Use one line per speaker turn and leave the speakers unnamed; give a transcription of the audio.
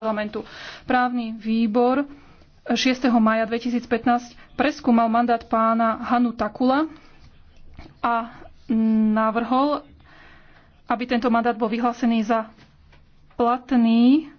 parlamentu. Právny výbor 6. maja 2015 preskúmal mandát pána Hanu Takula a navrhol, aby tento mandát bol vyhlásený za platný